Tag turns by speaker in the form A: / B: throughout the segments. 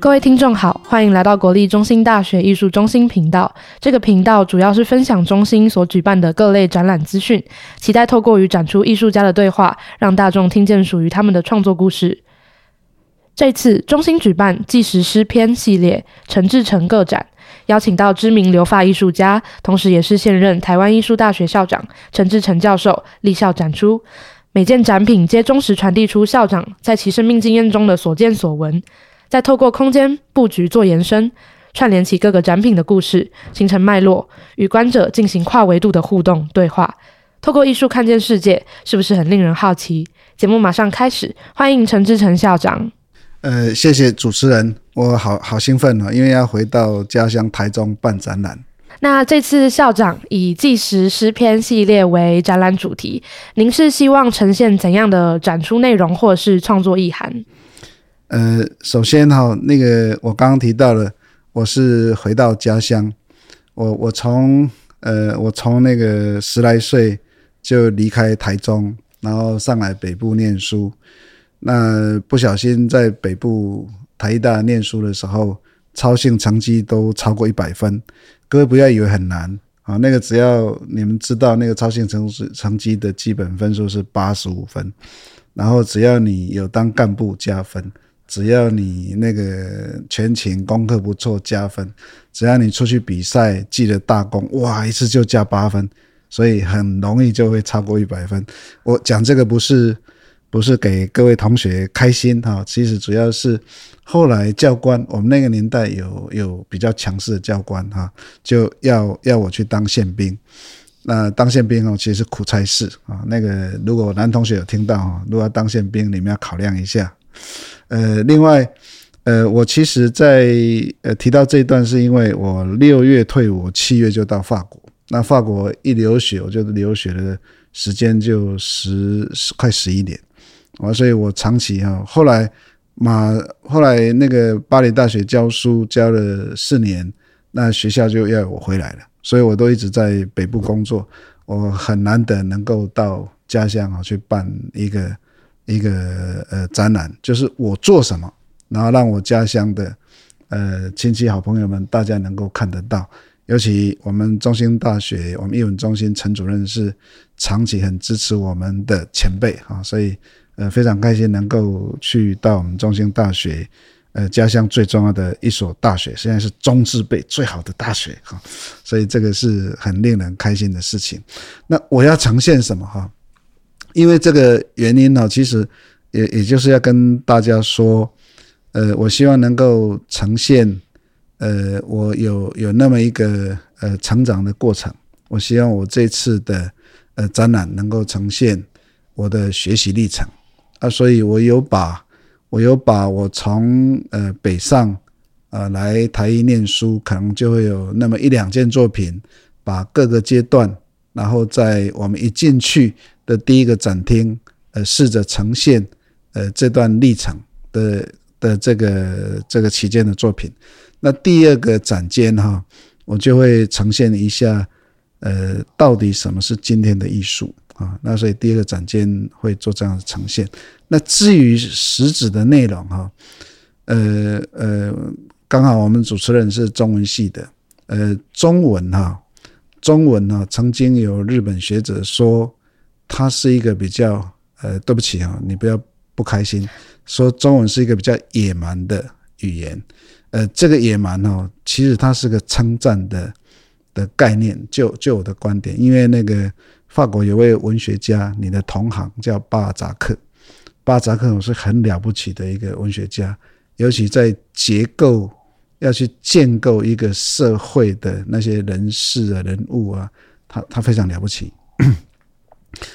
A: 各位聽眾好，歡迎來到國立中心大學國立中興大學藝術中心頻道。這個頻道主要是分享中心所舉辦的各類展覽資訊，期待透過與展出藝術家的對話，讓大眾聽見屬於他們的創作故事。這次中心舉辦《紀實詩篇》系列陳志誠個展，邀請到知名留法藝術家，同時也是現任台灣藝術大學校長陳志誠教授蒞校展出。每件展品皆忠實傳遞出校長在其生命經驗中的所見所聞。再透過空間布局做延伸，串聯起各個展品的故事，形成脈絡，與觀者進行跨維度的互動對話。透過藝術看見世界，是不是很令人好奇？節目馬上開始，歡迎陳志誠校長。
B: 呃，謝謝主持人，我好好興奮哦，因為要回到家鄉台中辦展覽。
A: 那這次校長以《紀實詩篇》系列為展覽主題，您是希望呈現怎樣的展出內容，或是創作意涵？
B: 呃，首先哈，那個我剛剛提到了，我是回到家鄉，我我從呃，我從那個十來歲就離開台中，然後上來北部念書。那不小心在北部台大念書的時候，操行成績都超過一百分。各位不要以為很難啊，那個只要你們知道，那個操行成績成績的基本分數是八十五分，然後只要你有當幹部加分。只要你那個全勤、功課不錯加分，只要你出去比賽記得大功，哇，一次就加八分，所以很容易就會超過一百分。我講這個不是不是給各位同學開心哈，其實主要是後來教官，我們那個年代有有比較強勢的教官哈，就要要我去當憲兵。那當憲兵哦，其實是苦差事啊。那個如果男同學有聽到啊，如果要當憲兵，你們要考量一下。呃，另外，呃，我其實在，在呃提到這一段，是因為我六月退伍，七月就到法國。那法國一留學，我就留學的時間就十十快十一年，啊，所以我長期哈。後來馬，後來那個巴黎大學教書教了四年，那學校就要我回來了，所以我都一直在北部工作，我很難得能夠到家鄉啊去辦一個。一個呃展覽，就是我做什麼，然後讓我家鄉的呃親戚、好朋友們，大家能夠看得到。尤其我們中興大學，我們藝文中心陳主任是長期很支持我們的前輩啊，所以呃非常開心能夠去到我們中興大學，呃家鄉最重要的一所大學，現在是中字輩最好的大學哈，所以這個是很令人開心的事情。那我要呈現什麼哈？因為這個原因呢，其實也也就是要跟大家說，呃，我希望能夠呈現，呃，我有有那麼一個呃成長的過程。我希望我這次的呃展覽能夠呈現我的學習歷程啊，所以我有把我有把我從呃北上呃來台藝念書，可能就會有那麼一兩件作品，把各個階段，然後在我們一進去。的第一個展廳，呃，試着呈現，呃，這段歷程的的這個這個期間的作品。那第二個展間哈，我就會呈現一下，呃，到底什麼是今天的藝術啊？那所以第二個展間會做這樣的呈現。那至於實質的內容哈，呃呃，剛好我們主持人是中文系的，呃，中文哈，中文呢，曾經有日本學者說。他是一個比較呃，對不起啊、哦，你不要不開心。說中文是一個比較野蠻的語言，呃，這個野蠻哦，其實它是個稱讚的的概念。就就我的觀點，因為那個法國有位文學家，你的同行叫巴爾扎克，巴爾扎克我是很了不起的一個文學家，尤其在結構要去建構一個社會的那些人事啊、人物啊，他他非常了不起。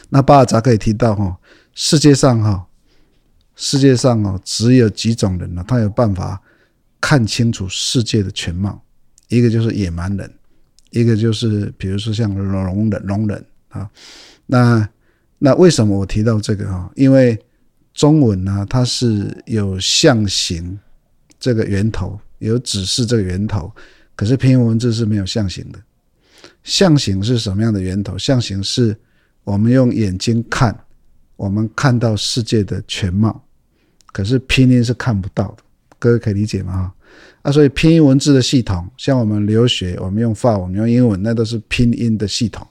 B: 那巴爾扎克也提到哈、哦，世界上哈、哦，世界上哦，只有幾種人呢、啊,他有辦法看清楚世界的全貌。一個就是野蠻人，一個就是比如說像聾人聾人啊。那那為什麼我提到這個啊、哦？因為中文呢、啊，它是有象形這個源頭，有指示這個源頭。可是拼音文字是沒有象形的。象形是什麼樣的源頭？象形是。我們用眼睛看，我們看到世界的全貌，可是拼音是看不到的，各位可以理解嗎？啊，所以拼音文字的系統，像我們留學，我們用法文，我們用英文，那都是拼音的系統，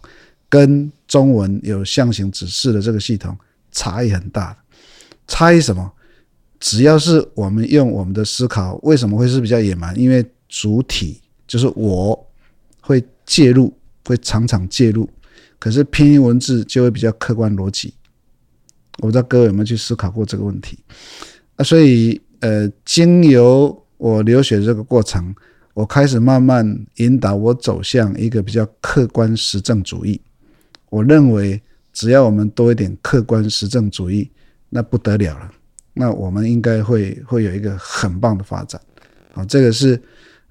B: 跟中文有象形指示的這個系統差異很大。差異什麼？只要是我們用我們的思考，為什麼會是比較野蠻？因為主體就是我會介入，會常常介入。可是拼音文字就會比較客觀邏輯，我不知道各位有沒有去思考過這個問題？那、啊、所以呃，經由我留學這個過程，我開始慢慢引導我走向一個比較客觀實證主義。我認為，只要我們多一點客觀實證主義，那不得了了。那我們應該會會有一個很棒的發展啊！這個是。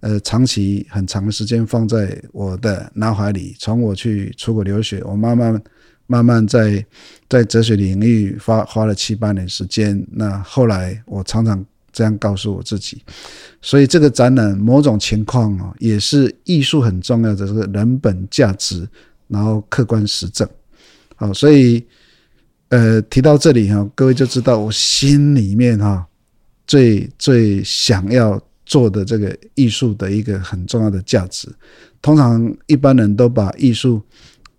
B: 呃，長期很長的時間放在我的腦海裡。從我去出國留學，我慢慢慢慢在在哲學領域花花了七八年時間。那後來我常常這樣告訴我自己，所以這個展覽某種情況啊，也是藝術很重要的，是人本價值，然後客觀實證。好，所以呃，提到這裡哈，各位就知道我心裡面哈，最最想要。做的這個藝術的一個很重要的價值，通常一般人都把藝術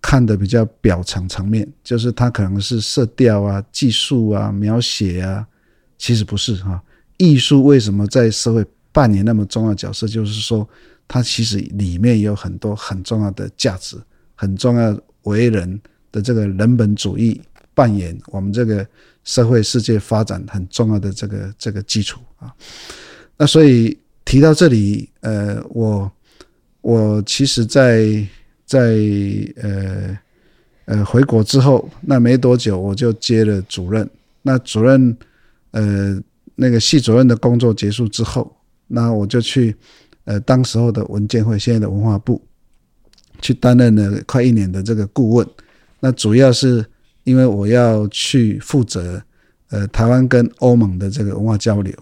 B: 看得比較表層層面，就是它可能是色調啊、技術啊、描寫啊，其實不是哈、啊。藝術為什麼在社會扮演那麼重要的角色？就是說，它其實裡面有很多很重要的價值，很重要為人的這個人本主義扮演我們這個社會世界發展很重要的這個這個基礎啊。那所以提到這裡，呃，我我其實在在呃呃回國之後，那沒多久我就接了主任。那主任呃那個系主任的工作結束之後，那我就去呃當時候的文建會，現在的文化部，去擔任了快一年的這個顧問。那主要是因為我要去負責呃台灣跟歐盟的這個文化交流。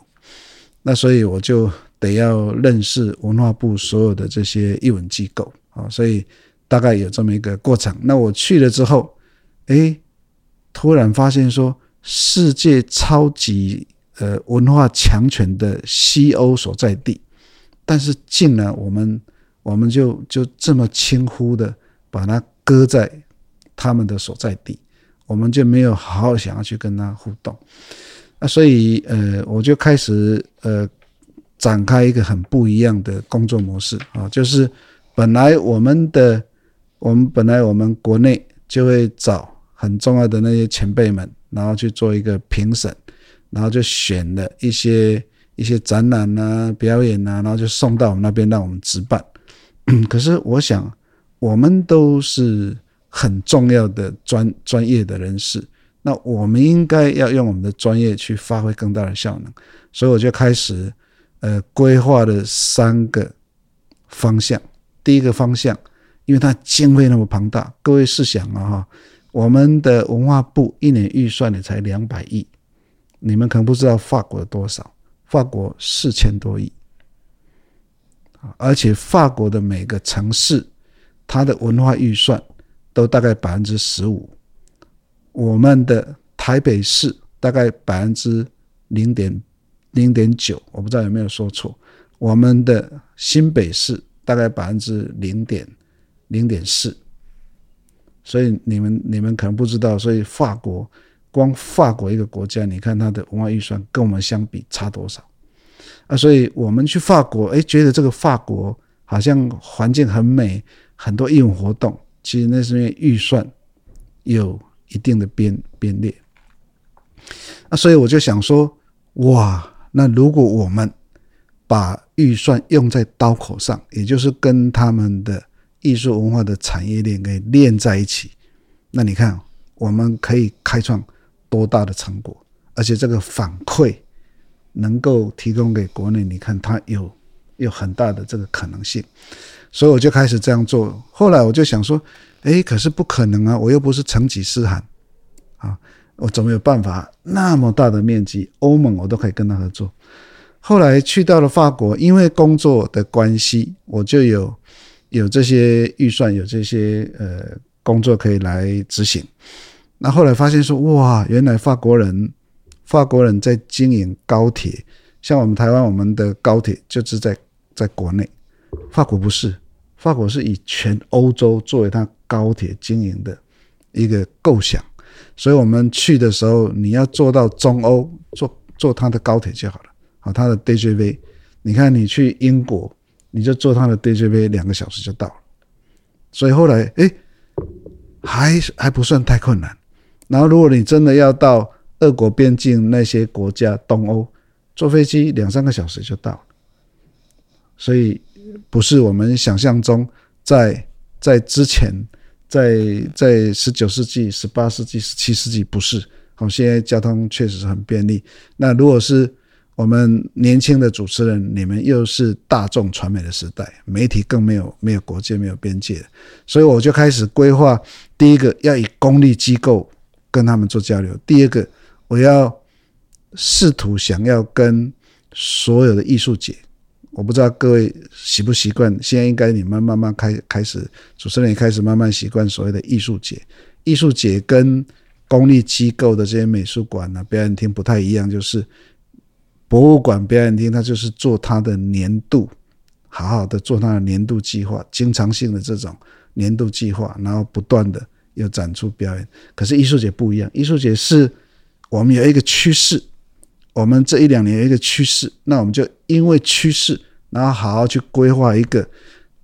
B: 那所以我就得要認識文化部所有的這些藝文機構，啊，所以大概有這麼一個過程。那我去了之後，哎，突然發現說，世界超級呃文化強權的西歐所在地，但是竟然我們我們就就這麼輕忽的把它擱在他們的所在地，我們就沒有好好想要去跟他互動。啊，所以呃，我就開始呃展開一個很不一樣的工作模式啊，就是本來我們的，我們本來我們國內就會找很重要的那些前輩們，然後去做一個評審，然後就選了一些一些展覽啊、表演啊，然後就送到我們那邊讓我們值班。可是我想，我們都是很重要的專專業的人士。那我們應該要用我們的專業去發揮更大的效能，所以我就開始呃規劃了三個方向。第一個方向，因為它經費那麼龐大，各位試想啊哈，我們的文化部一年預算也才兩百億，你們可能不知道法國有多少，法國四千多億，而且法國的每個城市，它的文化預算都大概百分之十五。我們的台北市，大概百分之零點零點九，我不知道有沒有說錯。我們的新北市，大概百分之零點零點四，所以你們你們可能不知道，所以法國光法國一個國家，你看它的文化預算跟我們相比差多少啊？所以我們去法國，哎，覺得這個法國好像環境很美，很多藝文活動，其實那是因為預算有。一定的編編列。那所以我就想說，哇，那如果我們把預算用在刀口上，也就是跟他們的藝術文化的產業鏈給連在一起，那你看我們可以開創多大的成果，而且這個反饋能夠提供給國內，你看它有有很大的這個可能性，所以我就開始這樣做。後來我就想說。誒，可是不可能啊！我又不是成吉思汗啊，我怎麼有辦法？那麼大的面積，歐盟我都可以跟他合作。後來去到了法國，因為工作的關係，我就有有這些預算，有這些呃工作可以來執行。那後來發現說，哇，原來法國人法國人在經營高鐵，像我們台灣，我們的高鐵就是在在國內，法國不是。法國是以全歐洲作為它高鐵經營的一個構想，所以我們去的時候，你要坐到中歐，坐坐它的高鐵就好了，好它的 TGV。你看，你去英國，你就坐它的 TGV，兩個小時就到了。所以後來，誒，還還不算太困難。然後，如果你真的要到俄國邊境那些國家，東歐，坐飛機兩三個小時就到了。所以。不是我們想象中在，在在之前，在在十九世紀、十八世紀、十七世紀，不是。好，現在交通確實是很便利。那如果是我們年輕的主持人，你們又是大眾傳媒的時代，媒體更沒有沒有國界、沒有邊界。所以我就開始規劃：第一個要以公立機構跟他們做交流；第二個，我要試圖想要跟所有的藝術界。我不知道各位習不習慣，現在應該你們慢慢開開始，主持人也開始慢慢習慣所謂的藝術節。藝術節跟公立機構的這些美術館啊、表演廳不太一樣，就是博物館、表演廳，它就是做它的年度，好好的做它的年度計劃，經常性的這種年度計劃，然後不斷的有展出表演。可是藝術節不一樣，藝術節是我們有一個趨勢。我們這一兩年有一個趨勢，那我們就因為趨勢，然後好好去規劃一個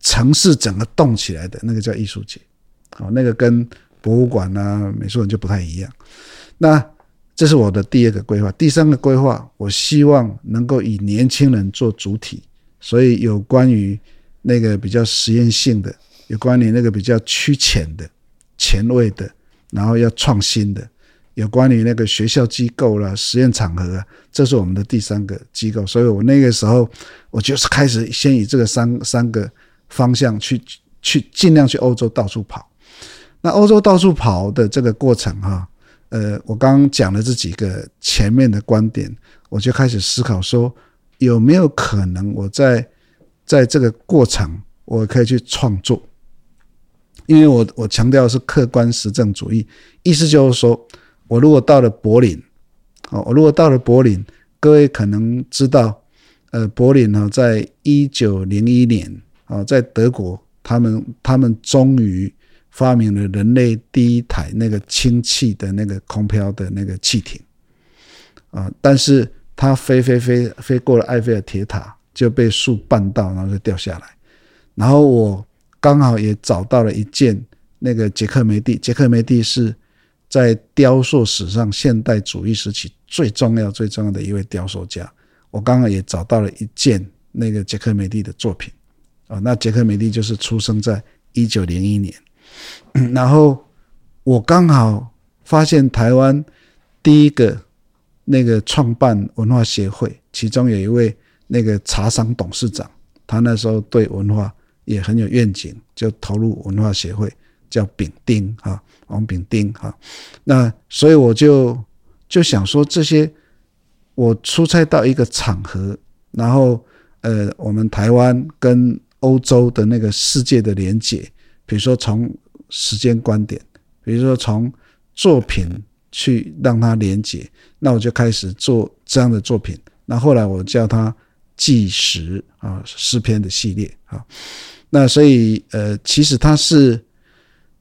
B: 城市整個動起來的那個叫藝術節，好，那個跟博物館啊，美術館就不太一樣。那這是我的第二個規劃，第三個規劃，我希望能夠以年輕人做主體，所以有關於那個比較實驗性的，有關於那個比較趨前的、前衛的，然後要創新的。有關於那個學校機構了、啊，實驗場合、啊，這是我們的第三個機構。所以，我那個時候，我就是開始先以這個三三個方向去去盡量去歐洲到處跑。那歐洲到處跑的這個過程、啊，哈，呃，我剛剛講了這幾個前面的觀點，我就開始思考說，有沒有可能我在在這個過程，我可以去創作？因為我我強調的是客觀實證主義，意思就是說。我如果到了柏林，哦，我如果到了柏林，各位可能知道，呃，柏林啊，在一九零一年啊，在德國，他們他們終於發明了人類第一台那個氫氣的那個空飄的那個氣艇，啊，但是它飛飛飛飛過了埃菲爾鐵塔，就被樹絆到，然後就掉下來。然後我剛好也找到了一件那個傑克梅蒂，傑克梅蒂是。在雕塑史上，現代主義時期最重要、最重要的一位雕塑家，我剛好也找到了一件那個傑克梅蒂的作品。啊，那傑克梅蒂就是出生在一九零一年。然後我剛好發現台灣第一個那個創辦文化協會，其中有一位那個茶商董事長，他那時候對文化也很有願景，就投入文化協會。叫丙丁哈，王丙丁哈，那所以我就就想說這些，我出差到一個場合，然後呃，我們台灣跟歐洲的那個世界的連結，比如說從時間觀點，比如說從作品去讓它連結，那我就開始做這樣的作品。那後來我叫它紀實啊詩篇的系列啊，那所以呃，其實它是。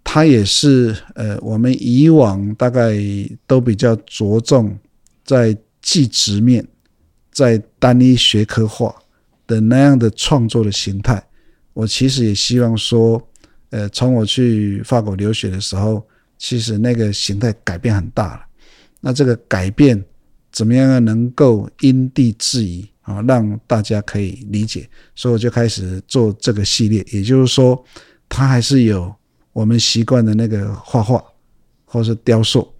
B: 它也是呃，我們以往大概都比較着重在紀實面，在單一學科化的那樣的創作的形態。我其實也希望說，呃，從我去法國留學的時候，其實那個形態改變很大了。那這個改變怎麼樣能夠因地制宜啊、哦，讓大家可以理解？所以我就開始做這個系列，也就是說，它還是有。我們習慣的那個畫畫，或是雕塑，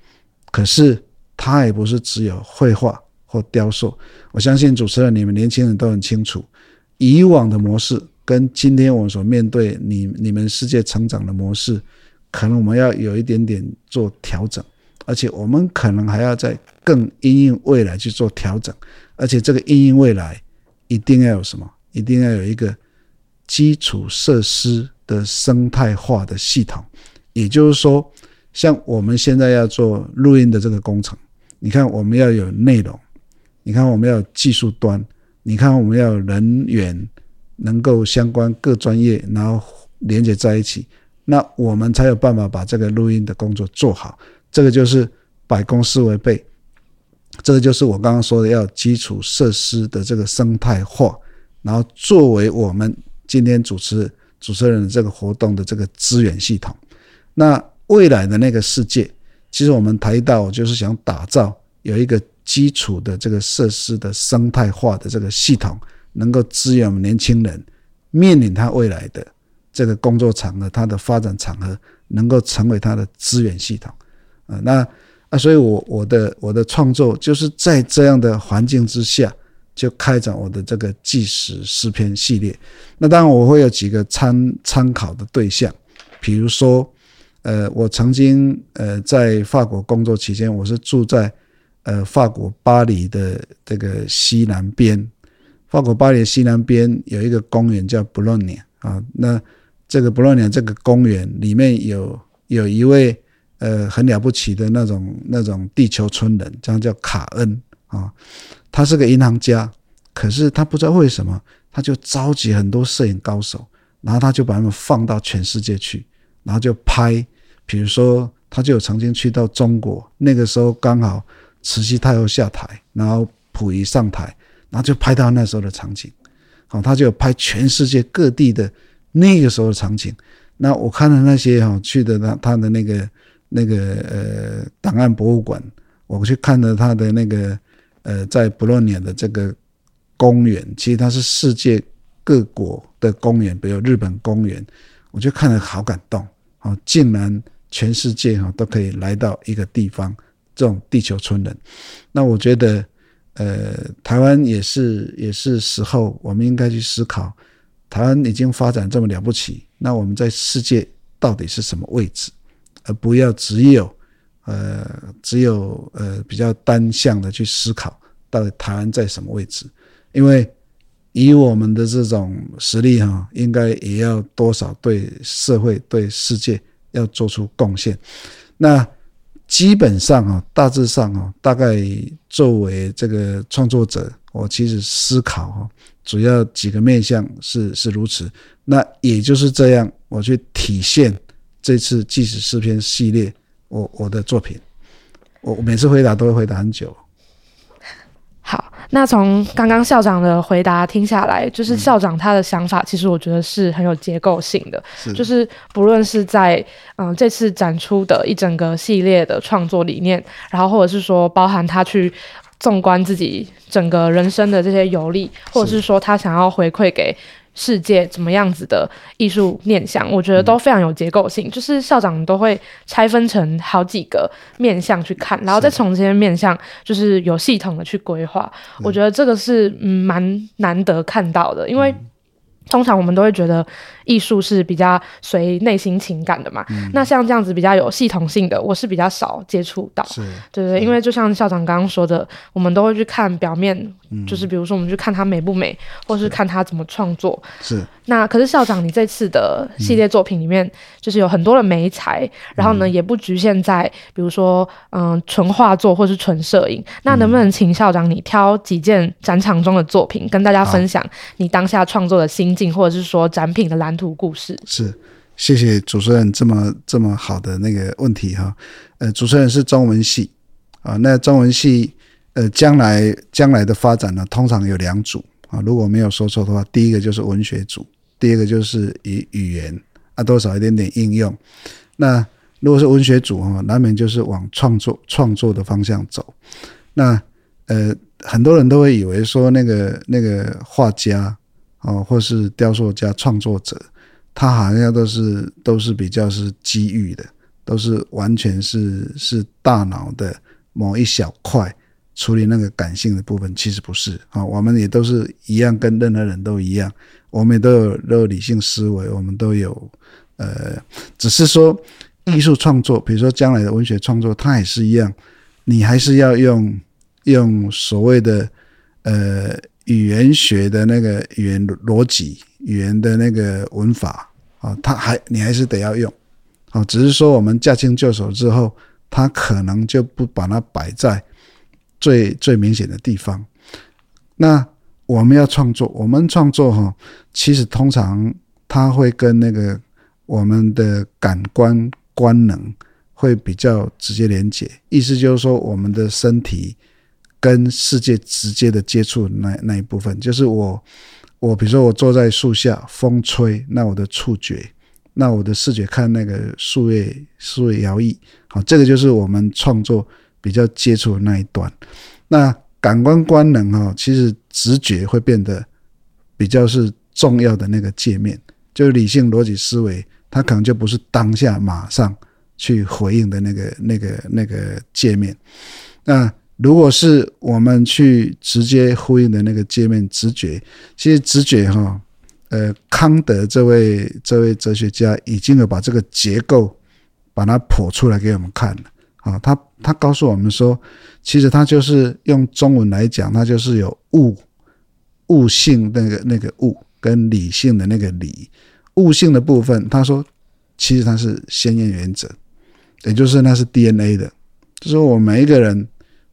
B: 可是它也不是只有繪畫或雕塑。我相信主持人，你們年輕人都很清楚，以往的模式跟今天我們所面對你你們世界成長的模式，可能我們要有一點點做調整，而且我們可能還要在更因應未來去做調整，而且這個因應未來一定要有什麼？一定要有一個基礎設施。的生態化的系統，也就是說，像我們現在要做錄音的這個工程，你看我們要有內容，你看我們要有技術端，你看我們要有人員能夠相關各專業，然後連接在一起，那我們才有辦法把這個錄音的工作做好。這個就是百工斯為備，這個就是我剛剛說的要基礎設施的這個生態化，然後作為我們今天主持。主持人的這個活動的這個資源系統，那未來的那個世界，其實我們台藝大，就是想打造有一個基礎的這個設施的生態化的這個系統，能夠支援我們年輕人面臨他未來的這個工作場合，他的發展場合，能夠成為他的資源系統。啊，那啊，所以我我的我的創作就是在這樣的環境之下。就開展我的這個紀實詩篇系列，那當然我會有幾個參參考的對象，比如說，呃，我曾經呃在法國工作期間，我是住在呃法國巴黎的這個西南邊，法國巴黎的西南邊有一個公園叫布洛涅啊，那這個布洛涅這個公園裡面有有一位呃很了不起的那種那種地球村人，這樣叫卡恩啊。他是個銀行家，可是他不知道為什麼，他就召集很多攝影高手，然後他就把他們放到全世界去，然後就拍。比如說，他就有曾經去到中國，那個時候剛好慈禧太后下台，然後溥儀上台，然後就拍到那時候的場景。好，他就有拍全世界各地的那個時候的場景。那我看到那些哈去的，那他的那個那個呃檔案博物館，我去看了他的那個。呃，在布洛尼亞的這個公園，其實它是世界各國的公園，比如日本公園，我就看了好感動啊，哦，竟然全世界哈都可以來到一個地方，這種地球村人，那我覺得呃，台灣也是也是時候，我們應該去思考，台灣已經發展這麼了不起，那我們在世界到底是什麼位置？而不要只有呃只有呃比較單向的去思考。到底台灣在什麼位置？因為以我們的這種實力，哈，應該也要多少對社會、對世界要做出貢獻。那基本上啊，大致上啊，大概作為這個創作者，我其實思考啊，主要幾個面向是是如此。那也就是這樣，我去體現這次《紀實詩篇》系列，我我的作品，我每次回答都會回答很久。
A: 那從剛剛校長的回答聽下來，就是校長他的想法，其實我覺得是很有結構性的，是。就是不論是在嗯、呃、這次展出的一整個系列的創作理念，然後或者是說包含他去縱觀自己整個人生的這些遊歷，或者是說他想要回饋給世界怎麼樣子的藝術面向，我覺得都非常有結構性。嗯、就是校長都會拆分成好幾個面向去看，然後再從這些面向就是有系統的去規劃。的我覺得這個是嗯蠻難得看到的，因為通常我們都會覺得。藝術是比較隨內心情感的嘛。那像這樣子比較有系統性的，我是比較少接觸到。是，對對，因為就像校長剛剛說的，我們都會去看表面，就是比如說我們去看它美不美，或是看它怎麼創作。是。那可是校長，你這次的系列作品裡面，就是有很多的媒材，然後呢也不局限在，比如說嗯純畫作或是純攝影。那能不能請校長你挑幾件展場中的作品，跟大家分享你當下創作的心境，或者是說展品的藍。讀故事
B: 是，謝謝主持人這麼這麼好的那個問題哈。呃，主持人是中文系啊，那中文系呃，將來將來的發展呢，啊，通常有兩組啊。如果沒有說錯的話，第一個就是文學組，第二個就是以語言啊多少一點點應用。那如果是文學組啊，難免就是往創作創作的方向走。那呃，很多人都會以為說那個那個畫家。哦，或是雕塑家、創作者，他好像都是都是比較是機遇的，都是完全是是大腦的某一小塊處理那個感性的部分，其實不是啊、哦。我們也都是一樣，跟任何人都一樣，我們也都有都有理性思維，我們都有呃，只是說藝術創作，比如說將來的文學創作，它也是一樣，你還是要用用所謂的呃。語言學的那個語言邏輯、語言的那個文法啊，他還你還是得要用，啊，只是說我們駕輕就熟之後，他可能就不把它擺在最最明顯的地方。那我們要創作，我們創作哈，其實通常它會跟那個我們的感官官能會比較直接連接，意思就是說我們的身體。跟世界直接的接觸的那，那那一部分就是我，我比如說我坐在樹下，風吹，那我的觸覺，那我的視覺看那個樹葉樹葉搖曳，好、哦，這個就是我們創作比較接觸的那一段。那感官官能啊、哦，其實直覺會變得比較是重要的那個界面，就是理性邏輯思維，它可能就不是當下馬上去回應的那個那個那個界面。那如果是我們去直接呼應的那個界面直覺，其實直覺哈、哦，呃，康德這位這位哲學家已經有把這個結構把它剖出來給我們看了啊，他他告訴我們說，其實他就是用中文來講，他就是有悟，悟性那個那個悟跟理性的那個理，悟性的部分，他說其實它是先驗原則，也就是那是 DNA 的，就是我們每一個人。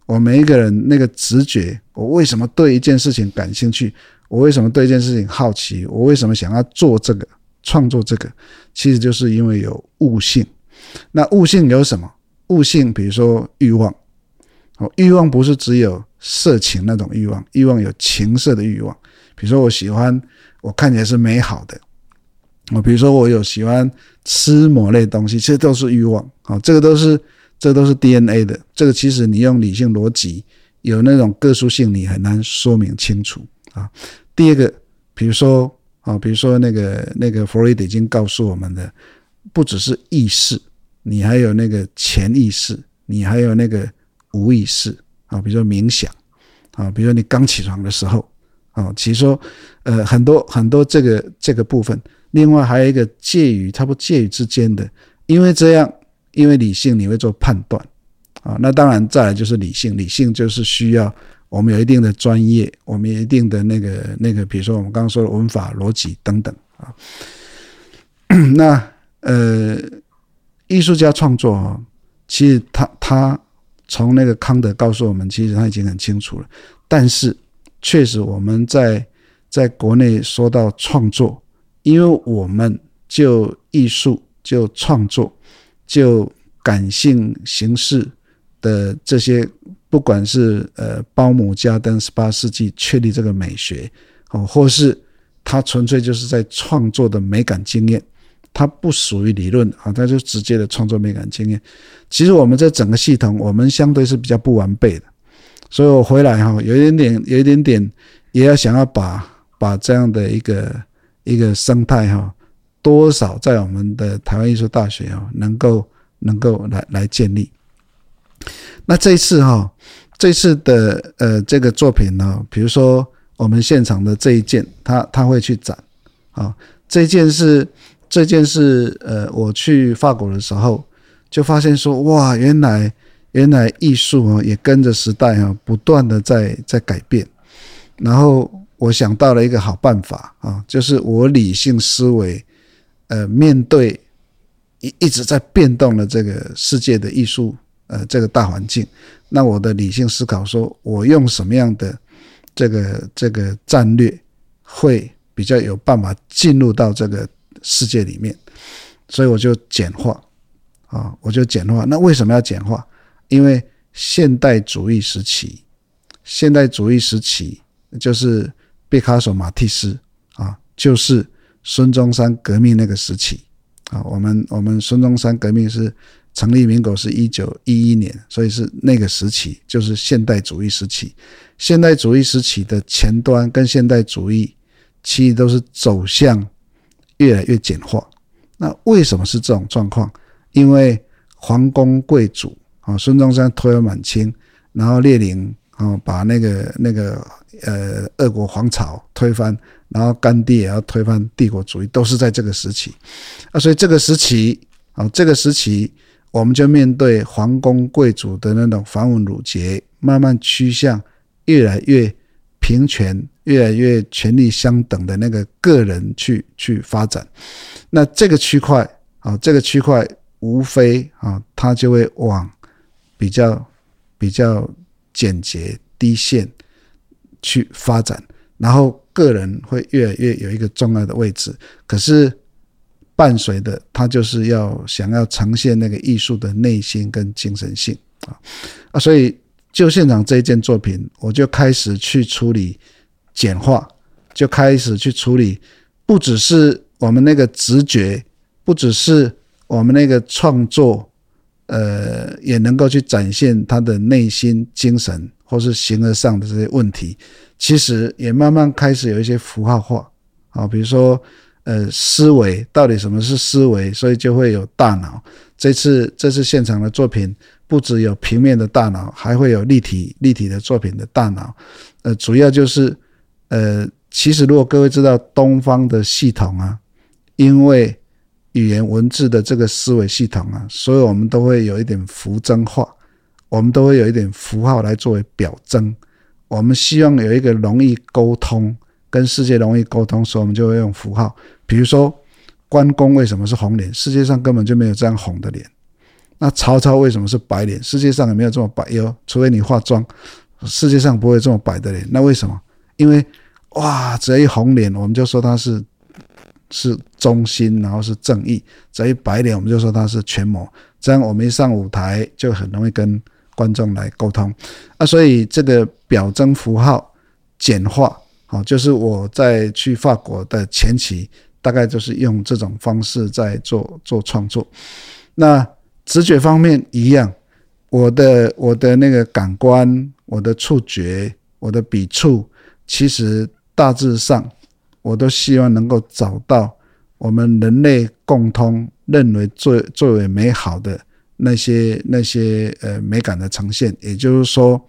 B: 我每一個人那個直覺，我為什麼對一件事情感興趣？我為什麼對一件事情好奇？我為什麼想要做這個、創作這個？其實就是因為有悟性。那悟性有什麼？悟性，比如說欲望。欲望不是只有色情那種欲望，欲望有情色的欲望。比如說我喜歡，我看起來是美好的。我比如說我有喜歡吃某類東西，其實都是欲望。啊，這個都是。這都是 DNA 的。這個其實你用理性邏輯有那種個殊性，你很難說明清楚啊。第二個，比如說啊，比如說那個那個佛洛伊德已經告訴我們的，不只是意識，你還有那個潛意識，你還有那個無意識啊。比如說冥想啊，比如說你剛起床的時候啊，其實說呃很多很多這個這個部分，另外還有一個介於它不多介於之間的，因為這樣。因為理性，你會做判斷啊。那當然，再來就是理性，理性就是需要我們有一定的專業，我們有一定的那個那個，比如說我們剛剛說的文法、邏輯等等啊。那呃，藝術家創作啊，其實他他從那個康德告訴我們，其實他已經很清楚了。但是，確實我們在在國內說到創作，因為我們就藝術就創作。就感性形式的這些，不管是呃，鮑姆加登十八世紀確立這個美學，哦，或是他純粹就是在創作的美感經驗，它不屬於理論啊，它、哦、就直接的創作美感經驗。其實我們這整個系統，我們相對是比較不完備的，所以我回來哈、哦，有一點點，有一點點，也要想要把把這樣的一個一個生態哈、哦。多少在我們的台灣藝術大學啊，能夠能夠來來建立。那這一次哈、哦，這次的呃這個作品呢、哦，比如說我們現場的這一件，他他會去展啊、哦。這件是這件是呃，我去法國的時候就發現說，哇，原來原來藝術啊也跟着時代啊不斷的在在改變。然後我想到了一個好辦法啊、哦，就是我理性思維。呃，面對一一直在變動的這個世界的藝術，呃，這個大環境，那我的理性思考說，我用什麼樣的這個這個戰略會比較有辦法進入到這個世界裡面？所以我就簡化啊，我就簡化。那為什麼要簡化？因為現代主義時期，現代主義時期就是畢卡索、馬蒂斯啊，就是。孫中山革命那個時期啊，我們我們孫中山革命是成立民國是一九一一年，所以是那個時期，就是現代主義時期。現代主義時期的前端跟現代主義其實都是走向越來越簡化。那為什麼是這種狀況？因為皇宮貴族啊，孫中山推翻滿清，然後列寧。啊、哦，把那個那個呃，俄國皇朝推翻，然後甘地也要推翻帝國主義，都是在這個時期。啊，所以這個時期，啊、哦，這個時期，我們就面對皇宮貴族的那種繁文縟節，慢慢趨向越來越平權，越來越權力相等的那個個人去去發展。那這個區塊，啊、哦，這個區塊，無非啊、哦，它就會往比較比較。簡潔、低限去發展，然後個人會越來越有一個重要的位置。可是伴隨的，他就是要想要呈現那個藝術的內心跟精神性啊，所以就現場這件作品，我就開始去處理簡化，就開始去處理，不只是我們那個直覺，不只是我們那個創作。呃，也能夠去展現他的內心精神，或是形而上的這些問題，其實也慢慢開始有一些符號化。好，哦，比如說呃，思維到底什麼是思維，所以就會有大腦。這次這次現場的作品不只有平面的大腦，還會有立體立體的作品的大腦。呃，主要就是呃，其實如果各位知道東方的系統啊，因為。語言文字的這個思維系統啊，所以我們都會有一點符徵化，我們都會有一點符號來作為表徵。我們希望有一個容易溝通，跟世界容易溝通，所以我們就會用符號。比如說，關公為什麼是紅臉？世界上根本就沒有這樣紅的臉。那曹操為什麼是白臉？世界上也沒有這麼白，喲，除非你化妝，世界上不會這麼白的臉。那為什麼？因為哇，只要一紅臉，我們就說他是是。忠心，然後是正義。這一白臉我們就說他是權謀。這樣我們一上舞台就很容易跟觀眾來溝通。啊，所以這個表徵符號簡化，好、哦，就是我在去法國的前期，大概就是用這種方式在做做創作。那直覺方面一樣，我的我的那個感官，我的觸覺，我的筆觸，其實大致上我都希望能夠找到。我們人類共通認為最最為美好的那些那些呃美感的呈現，也就是說，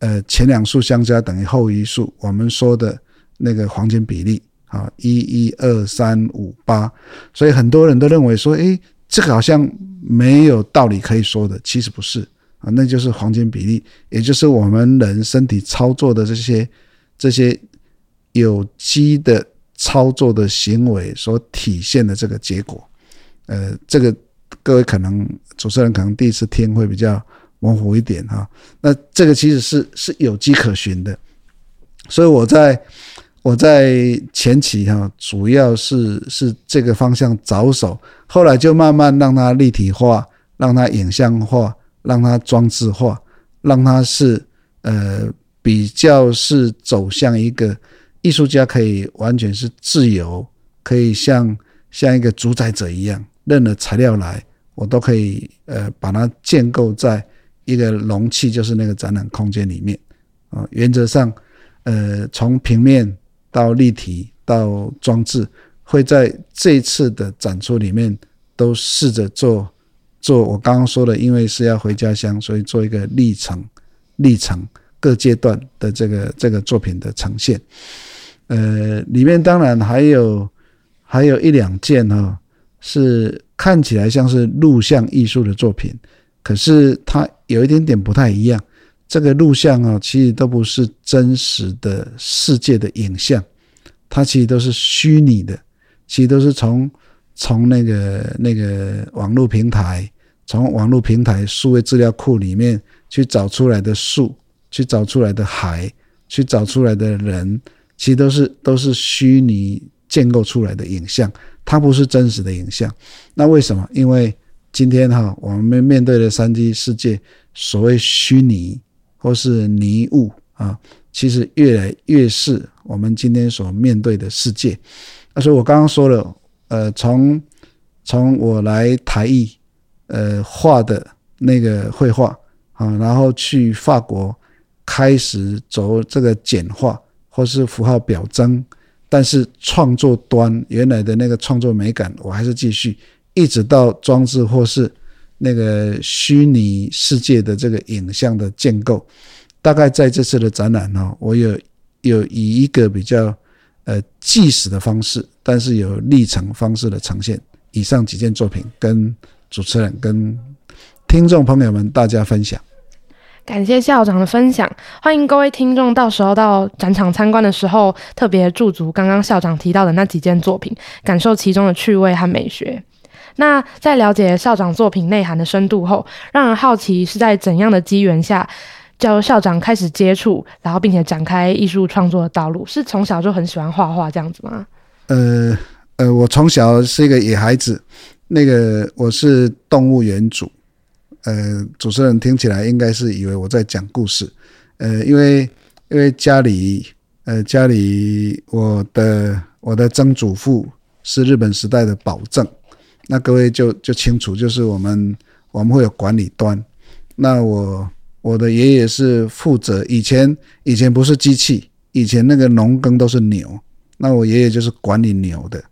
B: 呃前兩數相加等於後一數，我們說的那個黃金比例啊，一、一、二、三、五、八，所以很多人都認為說，誒、欸，這個好像沒有道理可以說的，其實不是啊，那就是黃金比例，也就是我們人身體操作的這些這些有機的。操作的行為所體現的這個結果，呃，這個各位可能主持人可能第一次聽會比較模糊一點哈、哦。那這個其實是是有跡可循的，所以我在我在前期哈，主要是是這個方向着手，後來就慢慢讓它立體化，讓它影像化，讓它裝置化，讓它是呃比較是走向一個，藝術家可以完全是自由，可以像像一個主宰者一樣，任何材料來，我都可以呃把它建構在一個容器，就是那個展覽空間裡面。啊、呃，原則上，呃，從平面到立體到裝置，會在這一次的展出裡面都試着做做。我剛剛說的，因為是要回家鄉，所以做一個歷程歷程各階段的這個這個作品的呈現。呃，裡面當然還有，還有一兩件哈，是看起來像是錄像藝術的作品，可是它有一點點不太一樣。這個錄像啊，其實都不是真實的世界的影像，它其實都是虛擬的，其實都是從從那個那個網絡平台，從網絡平台數位資料庫裡面去找出來的樹，去找出來的海，去找出來的人，其實都是都是虛擬建構出來的影像，它不是真實的影像。那為什麼？因為今天哈，我們面對的三 D 世界，所謂虛擬或是迷霧啊，其實越來越是我們今天所面對的世界。那所以，我剛剛說了，呃，從從我來台藝，呃，畫的那個繪畫啊，然後去法國開始走這個簡化。或是符號表徵，但是創作端原來的那個創作美感，我還是繼續一直到裝置或是那個虛擬世界的這個影像的建構。大概在這次的展覽呢，我有有以一個比較呃紀實的方式，但是有歷程方式的呈現。以上幾件作品，跟主持人跟聽眾朋友們大家分享。
A: 感謝校長的分享，歡迎各位聽眾到時候到展場參觀的時候，特別駐足剛剛校長提到的那幾件作品，感受其中的趣味和美學。那在了解校長作品內涵的深度後，讓人好奇是在怎樣的機緣下，教校長開始接觸，然後並且展開藝術創作的道路，是從小就很喜歡畫畫這樣子嗎？
B: 呃呃，我從小是一個野孩子，那個我是動物園主。呃，主持人聽起來應該是以為我在講故事。呃，因為因為家裡，呃，家裡我的我的曾祖父是日本時代的保正，那各位就就清楚，就是我們我們會有管理端。那我我的爺爺是負責以前以前不是機器，以前那個農耕都是牛，那我爺爺就是管理牛的。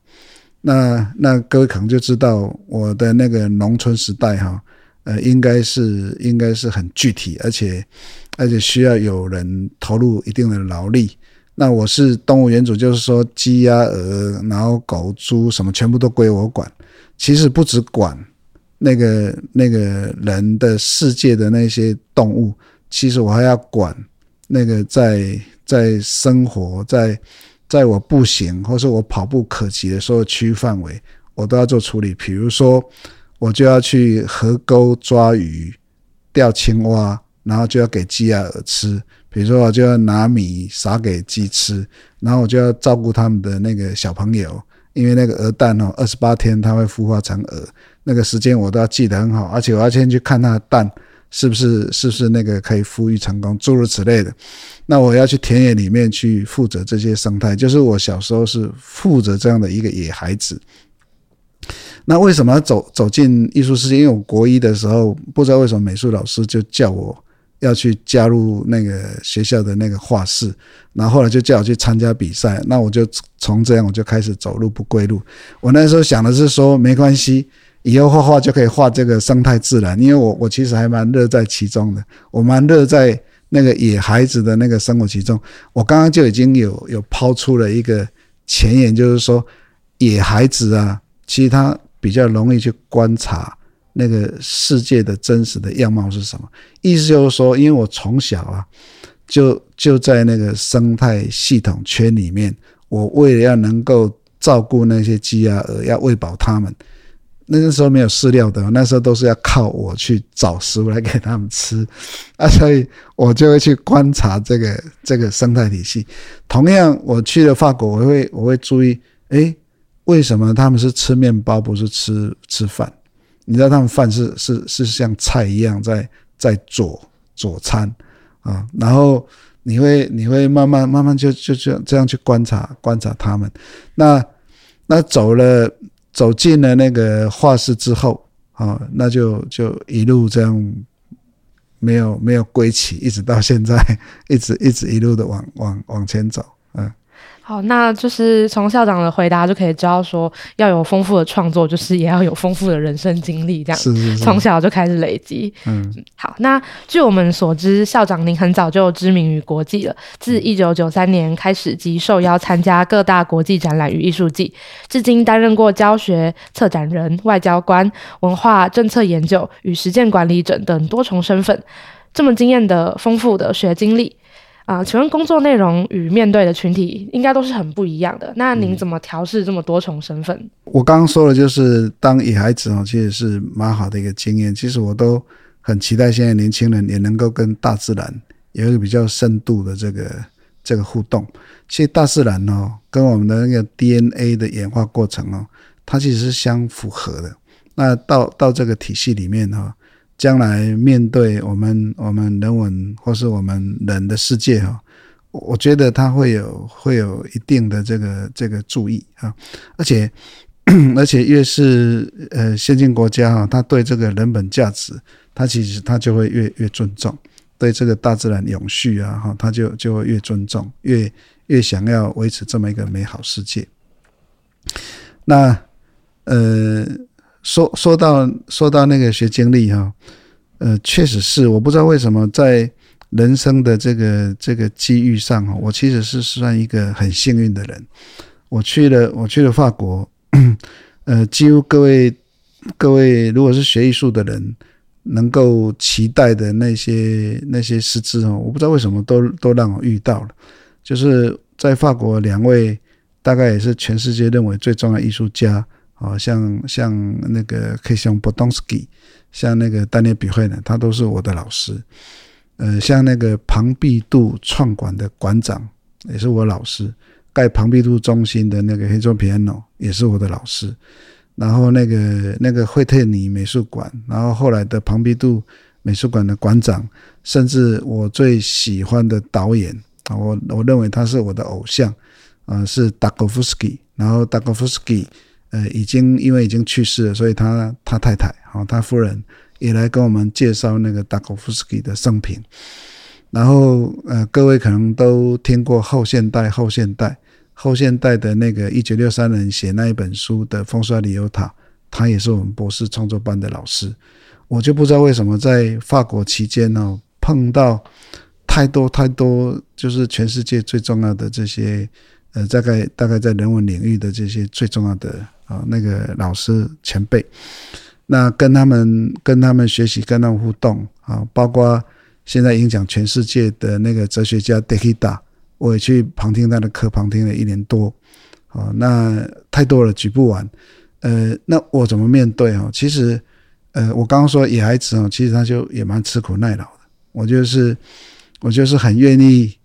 B: 那那各位可能就知道我的那個農村時代哈。呃，應該是應該是很具體，而且而且需要有人投入一定的勞力。那我是動物園主，就是說，雞、鴨、鵝，然後狗、豬什麼，全部都歸我管。其實不只管那個那個人的世界的那些動物，其實我還要管那個在在生活在在我步行或是我跑步可及的所有區域範圍，我都要做處理。比如說。我就要去河溝抓魚、釣青蛙，然後就要給雞鴨鵝吃。比如說，我就要拿米撒給雞吃，然後我就要照顧他們的那個小朋友，因為那個鵝蛋哦，二十八天它會孵化成鵝，那個時間我都要記得很好，而且我要先去看它的蛋是不是是不是那個可以孵育成功，諸如此類的。那我要去田野裡面去負責這些生態，就是我小時候是負責這樣的一個野孩子。那為什麼要走走進藝術世界？因為我國一的時候，不知道為什麼美術老師就叫我要去加入那個學校的那個畫室，然後後來就叫我去參加比賽。那我就從這樣，我就開始走入不歸路。我那時候想的是說，沒關係，以後畫畫就可以畫這個生態自然，因為我我其實還蠻樂在其中的，我蠻樂在那個野孩子的那個生活其中。我剛剛就已經有有拋出了一個前言，就是說野孩子啊，其實他。比較容易去觀察那個世界的真實的樣貌是什麼意思？就是說，因為我從小啊，就就在那個生態系統圈裡面，我為了要能夠照顧那些雞鴨鵝，要餵飽它們，那個時候沒有飼料的，那時候都是要靠我去找食物來給他們吃啊，所以我就會去觀察這個這個生態體系。同樣，我去了法國，我會我會注意，誒。為什麼他們是吃麵包，不是吃吃飯？你知道他們飯是是是像菜一樣在在做佐，佐餐啊？然後你會你會慢慢慢慢就就就這樣去觀察觀察他們。那那走了走進了那個畫室之後啊，那就就一路這樣沒有沒有歸期，一直到現在，一直一直一路的往往往前走啊。
A: 好，那就是從校長的回答就可以知道，說要有豐富的創作，就是也要有豐富的人生經歷，這樣子，從小就開始累積。是是是，嗯，好，那據我們所知，校長您很早就知名於國際了，自一九九三年開始即受邀參加各大國際展覽與藝術季，至今擔任過教學策展人、外交官、文化政策研究與實踐管理者等多重身份，這麼經驗的豐富的學經歷。啊、呃，請問工作內容與面對的群體應該都是很不一樣的。那您怎麼調試這麼多重身份？
B: 嗯、我剛剛說的，就是當野孩子哦，其實是蠻好的一個經驗。其實我都很期待現在年輕人也能夠跟大自然有一個比較深度的這個這個互動。其實大自然哦，跟我們的那個 DNA 的演化過程哦，它其實是相符合的。那到到這個體系裡面哈、哦。將來面對我們我們人文或是我們人的世界哈，我覺得他會有會有一定的這個這個注意啊，而且而且越是呃先進國家哈，他對這個人本價值，他其實他就會越越尊重，對這個大自然永續啊哈，他就就會越尊重，越越想要維持這麼一個美好世界。那呃。說說到說到那個學經歷哈，呃，確實是我不知道為什麼在人生的這個這個機遇上哈，我其實是算一個很幸運的人。我去了，我去了法國，嗯、呃，幾乎各位各位如果是學藝術的人，能夠期待的那些那些師資哦，我不知道為什麼都都讓我遇到了。就是在法國，兩位大概也是全世界認為最重要的藝術家。哦，像像那個 Christian Boltanski 像那個丹尼比會呢，他都是我的老師。呃，像那個龐畢度創館的館長也是我老師，蓋龐畢度中心的那個黑膠 Piano 也是我的老師。然後那個那個惠特尼美術館，然後後來的龐畢度美術館的館長，甚至我最喜歡的導演啊，我我認為他是我的偶像，呃，是 Dakovsky 然後 Dakovsky 呃，已經因為已經去世了，所以他他太太好、哦，他夫人也來跟我們介紹那個達科夫斯基的生平。然後呃，各位可能都聽過後現代，後現代，後現代的那個一九六三年寫那一本書的風沙里尤塔，他也是我們博士創作班的老師。我就不知道為什麼在法國期間呢、哦，碰到太多太多，就是全世界最重要的這些呃，大概大概在人文領域的這些最重要的。啊、哦，那個老師前輩，那跟他們跟他們學習，跟他們互動啊、哦，包括現在影響全世界的那個哲學家德希達，我也去旁聽他的課，旁聽了一年多。啊、哦，那太多了，舉不完。呃，那我怎麼面對哦？其實，呃，我剛剛說野孩子啊，其實他就也蠻吃苦耐勞的。我就是我就是很願意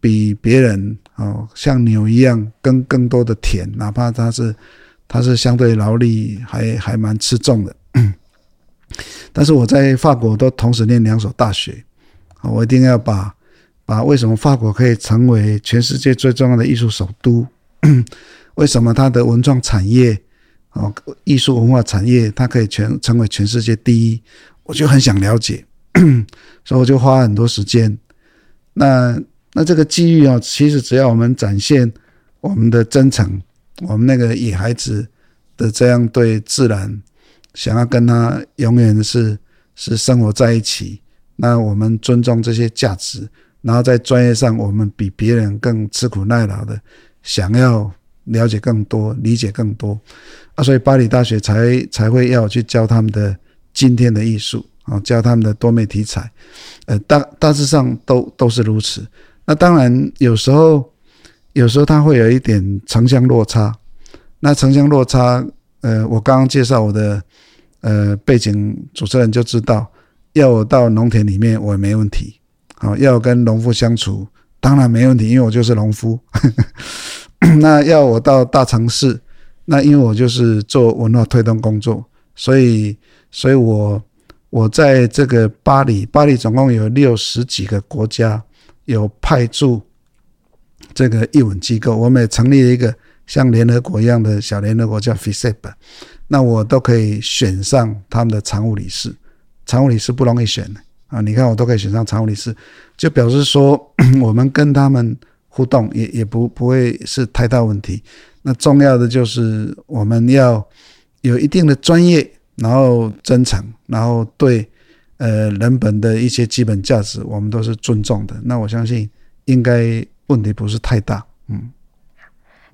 B: 比別人啊、哦，像牛一樣耕更，更多的田，哪怕他是。它是相對勞力還還蠻吃重的，但是我在法國都同時念兩所大學，我一定要把把為什麼法國可以成為全世界最重要的藝術首都，為什麼它的文創產業啊，藝術文化產業它可以全成為全世界第一，我就很想了解，所以我就花很多時間。那那這個機遇啊、哦，其實只要我們展現我們的真誠。我們那個野孩子的這樣對自然，想要跟他永遠是是生活在一起。那我們尊重這些價值，然後在專業上，我們比別人更吃苦耐勞的，想要了解更多、理解更多。啊，所以巴黎大學才才會要去教他們的今天的藝術啊，教他們的多媒體材。呃，大大致上都都是如此。那當然有時候。有時候他會有一點城鄉落差，那城鄉落差，呃，我剛剛介紹我的，呃，背景主持人就知道，要我到農田裡面，我沒問題，好、哦，要我跟農夫相處，當然沒問題，因為我就是農夫呵呵。那要我到大城市，那因為我就是做文化推動工作，所以，所以我，我在這個巴黎，巴黎總共有六十幾個國家有派駐。這個藝文機構，我們也成立了一個像聯合國一樣的小聯合國，叫 FICIP。那我都可以選上他們的常務理事，常務理事不容易選的啊。你看，我都可以選上常務理事，就表示說我們跟他們互動也也不不會是太大問題。那重要的就是我們要有一定的專業，然後真誠，然後對呃人本的一些基本價值，我們都是尊重的。那我相信應該。問題不是太大，嗯。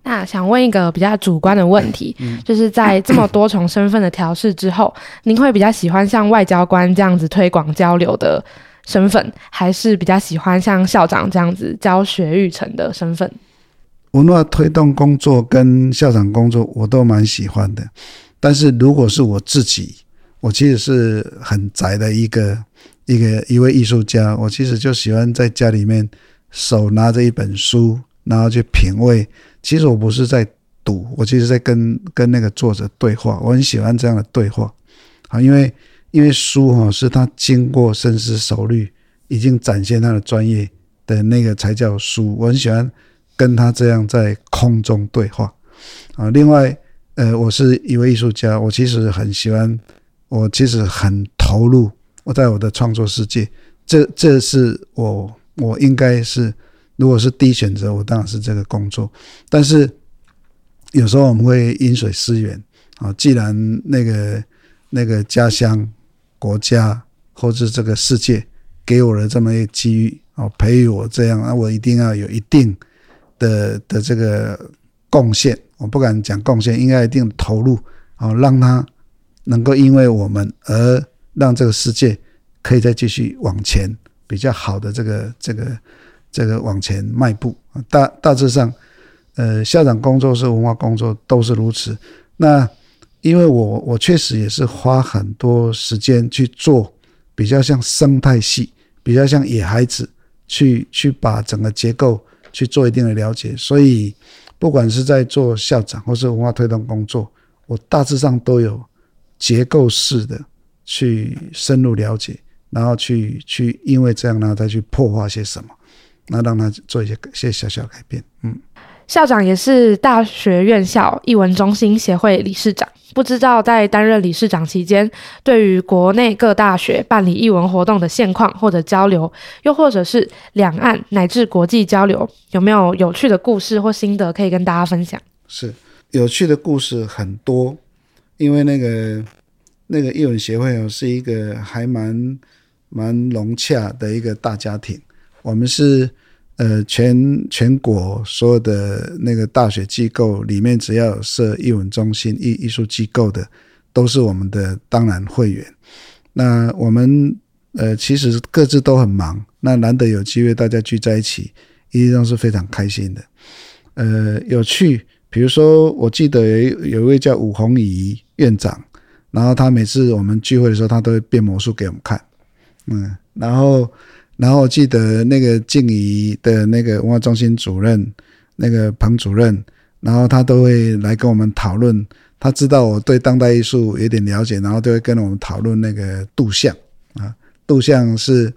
A: 那想問一個比較主觀的問題，嗯、就是在這麼多重身份的調適之後， 您會比較喜歡像外交官這樣子推廣交流的身份，還是比較喜歡像校長這樣子教學育成的身份？
B: 文化推動工作跟校長工作我都蠻喜歡的，但是如果是我自己，我其實是很宅的一個一個一位藝術家，我其實就喜歡在家裡面。手拿着一本書，然後去品味。其實我不是在讀，我其實在跟跟那個作者對話。我很喜歡這樣的對話啊，因為因為書哈是他經過深思熟慮，已經展現他的專業的那個才叫書。我很喜歡跟他這樣在空中對話啊。另外，呃，我是一位藝術家，我其實很喜歡，我其實很投入我在我的創作世界。這這是我。我應該是，如果是第一選擇，我當然是這個工作。但是有時候我們會飲水思源啊，既然那個那個家鄉、國家或者是這個世界給我了這麼一個機遇啊，培育我這樣，那我一定要有一定的的這個貢獻。我不敢講貢獻，應該一定投入啊，讓它能夠因為我們而讓這個世界可以再繼續往前。比較好的這個這個這個，這個往前邁步，大大致上，呃，校長工作是文化工作都是如此。那因為我我確實也是花很多時間去做比較像生態系，比較像野孩子，去去把整個結構去做一定的了解。所以，不管是在做校長或是文化推動工作，我大致上都有結構式的去深入了解。然後去去，因為這樣呢，然後再去破壞些什麼，那讓他做一些些小小的改變。嗯，
A: 校長也是大學院校藝文中心協會理事長，不知道在擔任理事長期間，對於國內各大學辦理藝文活動的現況或者交流，又或者是兩岸乃至國際交流，有沒有有趣的故事或心得可以跟大家分享？
B: 是，有趣的故事很多，因為那個那個藝文協會是一個還蠻。蠻融洽的一個大家庭。我們是呃全全國所有的那個大學機構裡面，只要有設藝文中心、藝藝術機構的，都是我們的當然會員。那我們呃其實各自都很忙，那難得有機會大家聚在一起，一定都是非常開心的。呃，有趣，比如說我記得有一有一位叫武宏儀院長，然後他每次我們聚會的時候，他都會變魔術給我們看。嗯，然後，然後我記得那個靜宜的那個文化中心主任，那個彭主任，然後他都會來跟我們討論。他知道我對當代藝術有點了解，然後就會跟我們討論那個杜象啊。杜象是，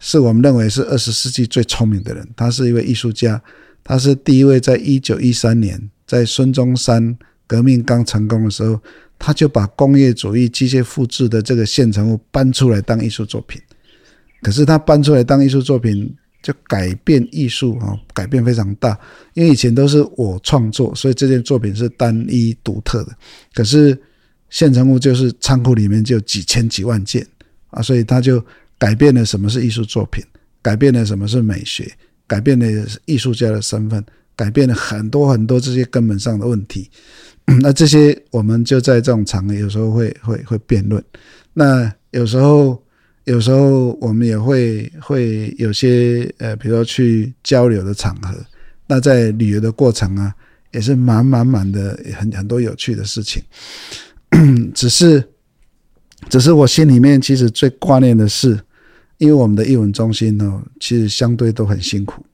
B: 是我們認為是二十世紀最聰明的人。他是一位藝術家，他是第一位在一九一三年，在孫中山革命剛成功的時候，他就把工業主義機械複製的這個現成物搬出來當藝術作品。可是他搬出來當藝術作品，就改變藝術啊、哦，改變非常大。因為以前都是我創作，所以這件作品是單一獨特的。可是現成物就是倉庫裡面就幾千幾萬件啊，所以他就改變了什麼是藝術作品，改變了什麼是美學，改變了藝術家的身份，改變了很多很多這些根本上的問題。嗯、那這些我們就在這種場合有時候會會會辯論。那有時候。有時候我們也會會有些呃，比如說去交流的場合，那在旅遊的過程啊，也是蠻蠻蠻的很很多有趣的事情。 只是，只是我心裡面其實最掛念的是，因為我們的藝文中心呢、哦，其實相對都很辛苦。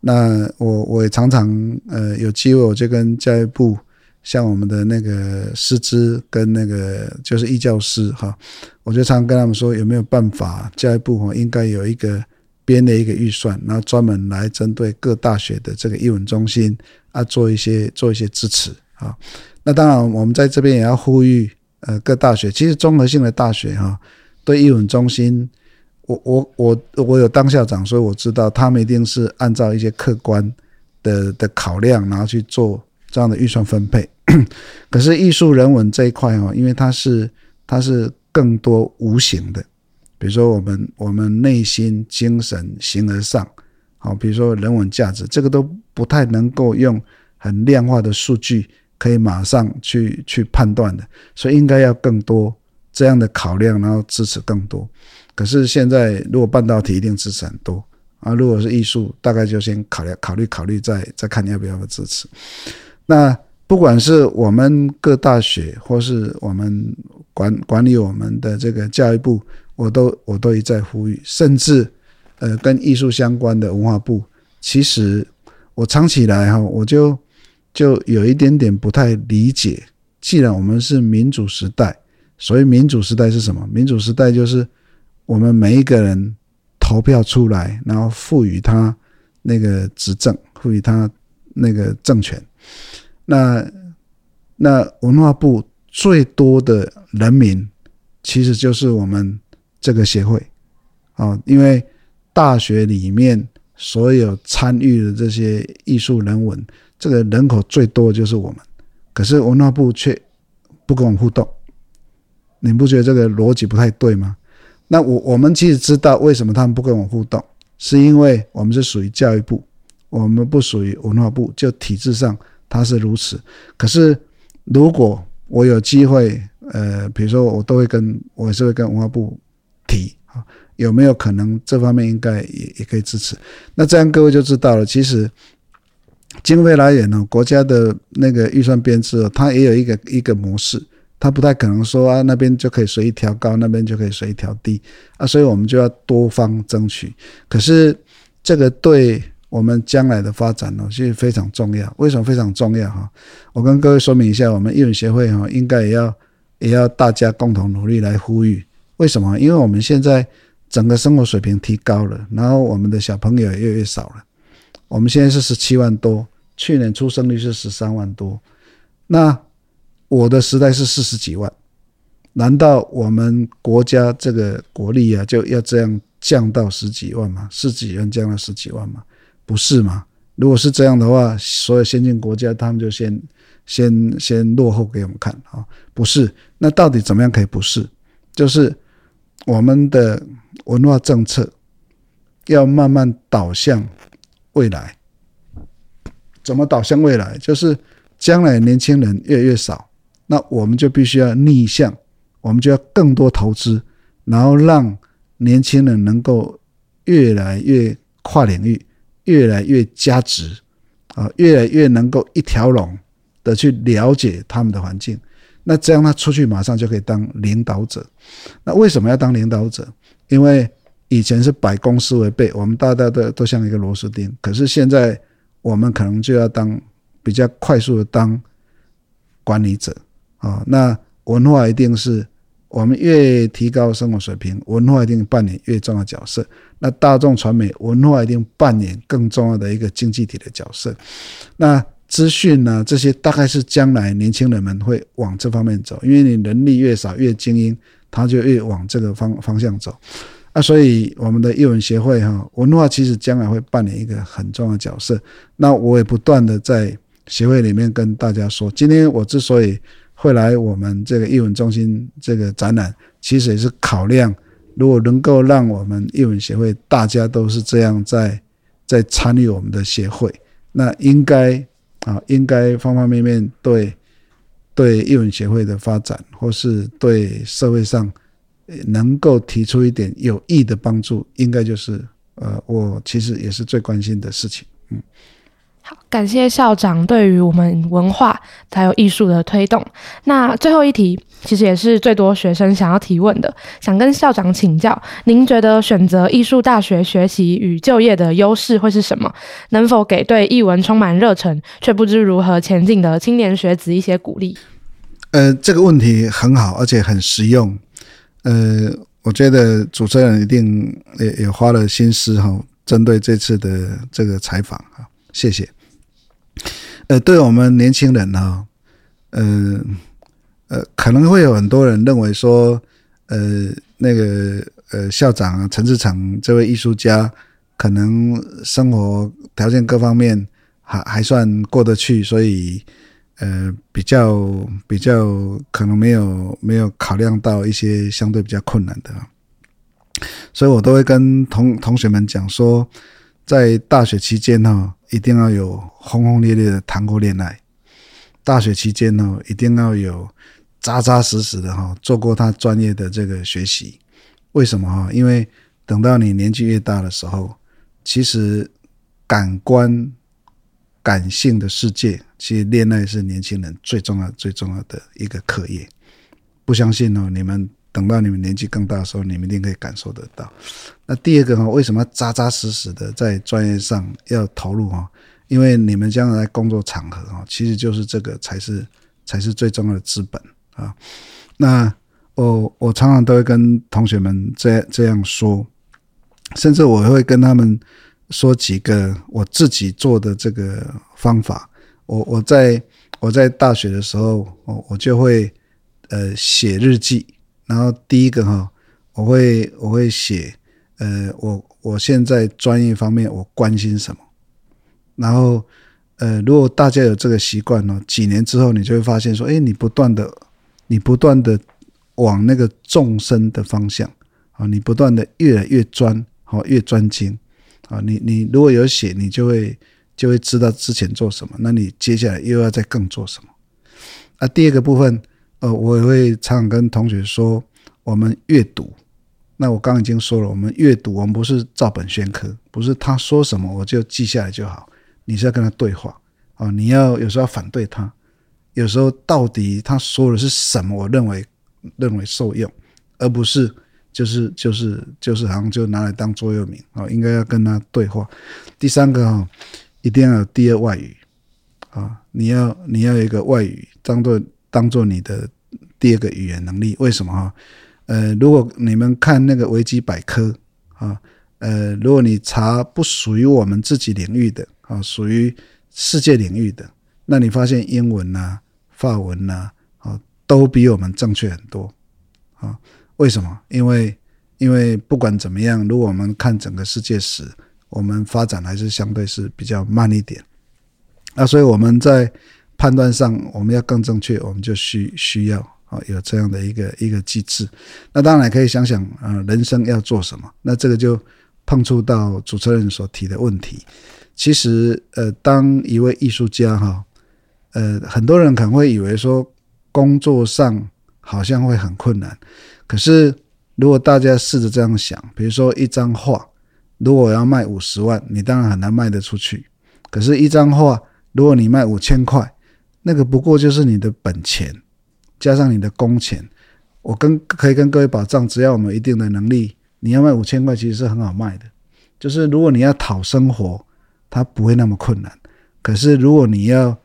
B: 那我我也常常呃有機會我就跟教育部。像我們的那個師資跟那個就是藝教師哈，我就常跟他們說，有沒有辦法教育部哈應該有一個編的一個預算，然後專門來針對各大學的這個藝文中心啊做一些做一些支持啊。那當然我們在這邊也要呼籲呃各大學，其實綜合性的大學哈對藝文中心，我我我我有當校長，所以我知道他們一定是按照一些客觀的的考量，然後去做。這樣的預算分配，可是藝術人文這一塊哦，因為它是它是更多無形的，比如說我們我們內心精神形而上，好，比如說人文價值，這個都不太能夠用很量化的數據可以馬上去去判斷的，所以應該要更多這樣的考量，然後支持更多。可是現在如果半導體一定支持很多啊，如果是藝術，大概就先考慮考慮考慮，再再看你要不要支持。那不管是我們各大學，或是我們管管理我們的這個教育部，我都我都一再呼籲，甚至呃跟藝術相關的文化部，其實我藏起來哈、哦，我就就有一點點不太理解。既然我們是民主時代，所以民主時代是什麼？民主時代就是我們每一個人投票出來，然後賦予他那個執政，賦予他那個政權。那那文化部最多的人民，其實就是我們這個協會啊，因為大學裡面所有參與的這些藝術人文，這個人口最多就是我們。可是文化部卻不跟我們互動，你不覺得這個邏輯不太對嗎？那我我們其實知道為什麼他們不跟我們互動，是因為我們是屬於教育部，我們不屬於文化部，就體制上。它是如此，可是如果我有機會，呃，比如說我都會跟，我也是會跟文化部提啊，有沒有可能這方面應該也也可以支持？那這樣各位就知道了，其實經費來源呢，國家的那個預算編制，它也有一個一個模式，它不太可能說啊，那邊就可以隨意調高，那邊就可以隨意調低啊，所以我們就要多方爭取。可是這個對。我們將來的發展呢，是非常重要，為什麼非常重要？哈，我跟各位說明一下，我們育嬰協會哈，應該也要也要大家共同努力來呼籲。為什麼？因為我們現在整個生活水平提高了，然後我們的小朋友也越來越少了。我們現在是十七萬多，去年出生率是十三萬多，那我的時代是四十幾萬，難道我們國家這個國力啊，就要這樣降到十幾萬嗎？十幾元降到十幾萬嗎？不是嗎？如果是這樣的話，所有先進國家他們就先先先落後給我們看啊？不是？那到底怎麼樣可以？不是？就是我們的文化政策要慢慢導向未來。怎麼導向未來？就是將來年輕人越來越少，那我們就必須要逆向，我們就要更多投資，然後讓年輕人能夠越來越跨領域。越來越加值，啊，越來越能夠一條龍的去了解他們的環境，那這樣他出去馬上就可以當領導者。那為什麼要當領導者？因為以前是百公司為背，我們大家都都像一個螺絲釘，可是現在我們可能就要當比較快速的當管理者，啊，那文化一定是。我們越提高生活水平，文化一定扮演越重要的角色。那大眾傳媒文化一定扮演更重要的一個經濟體的角色。那資訊呢？這些大概是將來年輕人們會往這方面走，因為你人力越少越精英，他就越往這個方方向走。啊，所以我們的藝文協會哈，文化其實將來會扮演一個很重要的角色。那我也不斷的在協會裡面跟大家說，今天我之所以。會來我們這個藝文中心這個展覽，其實也是考量，如果能夠讓我們藝文協會大家都是這樣在在參與我們的協會，那應該啊應該方方面面對對藝文協會的發展，或是對社會上能夠提出一點有益的幫助，應該就是呃我其實也是最關心的事情，嗯。
A: 好，感謝校長對於我們文化還有藝術的推動。那最後一題，其實也是最多學生想要提問的，想跟校長請教：您覺得選擇藝術大學學習與就業的優勢會是什麼？能否給對藝文充滿熱忱卻不知如何前進的青年學子一些鼓勵？
B: 呃，這個問題很好，而且很實用。呃，我覺得主持人一定也也花了心思哈、哦，針對這次的這個採訪。謝謝。呃，對我們年輕人呢、哦，嗯、呃，呃，可能會有很多人認為說，呃，那個，呃，校長陳志誠這位藝術家，可能生活條件各方面還還算過得去，所以，呃，比較比較可能沒有沒有考量到一些相對比較困難的，所以我都會跟同同學們講說，在大學期間呢、哦。一定要有轟轟烈烈的談過戀愛，大學期間呢，一定要有扎扎實實的哈做過他專業的這個學習。為什麼哈？因為等到你年紀越大的時候，其實感官、感性的世界，其實戀愛是年輕人最重要、最重要的一個課業。不相信哦，你們。等到你們年紀更大的時候，你們一定可以感受得到。那第二個啊，為什麼要扎扎實實的在專業上要投入哈？因為你們將來工作場合啊，其實就是這個才是才是最重要的資本啊。那我我常常都會跟同學們這樣這樣說，甚至我會跟他們說幾個我自己做的這個方法。我我在我在大學的時候，我我就會呃寫日記。然後第一個哈，我會我會寫，呃，我我現在專業方面我關心什麼，然後呃，如果大家有這個習慣呢，幾年之後你就會發現說，哎，你不斷的，你不斷的往那個縱深的方向啊，你不斷的越來越專，好越專精啊，你你如果有寫，你就會就會知道之前做什麼，那你接下來又要再更做什麼。那第二個部分。呃、哦，我也會常、常跟同學說，我們閱讀。那我剛剛已經說了，我們閱讀，我們不是照本宣科，不是他說什麼我就記下來就好。你是要跟他對話啊、哦，你要有時候要反對他，有時候到底他說的是什麼，我認為認為受用，而不是就是就是就是好像就拿來當座右銘啊。應該要跟他對話。第三個啊、哦，一定要有第二外語啊、哦，你要你要有一個外語當做。當做你的第二個語言能力，為什麼啊？呃，如果你們看那個維基百科啊，呃，如果你查不屬於我們自己領域的啊，屬於世界領域的，那你發現英文吶、啊、法文吶啊，都比我們正確很多啊？為什麼？因為因為不管怎麼樣，如果我們看整個世界史，我們發展還是相對是比較慢一點。那所以我們在。判斷上我們要更正確，我們就需需要啊有這樣的一個一個機制。那當然可以想想，啊，呃，人生要做什麼？那這個就碰觸到主持人所提的問題。其實，呃，當一位藝術家哈，呃，很多人可能會以為說工作上好像會很困難。可是，如果大家試着這樣想，比如說一張畫，如果我要賣五十萬，你當然很難賣得出去。可是，一張畫，如果你賣五千塊，那個不過就是你的本錢，加上你的工錢，我跟可以跟各位保障，只要我們一定的能力，你要賣五千塊其實是很好賣的。就是如果你要討生活，它不會那麼困難。可是如果你要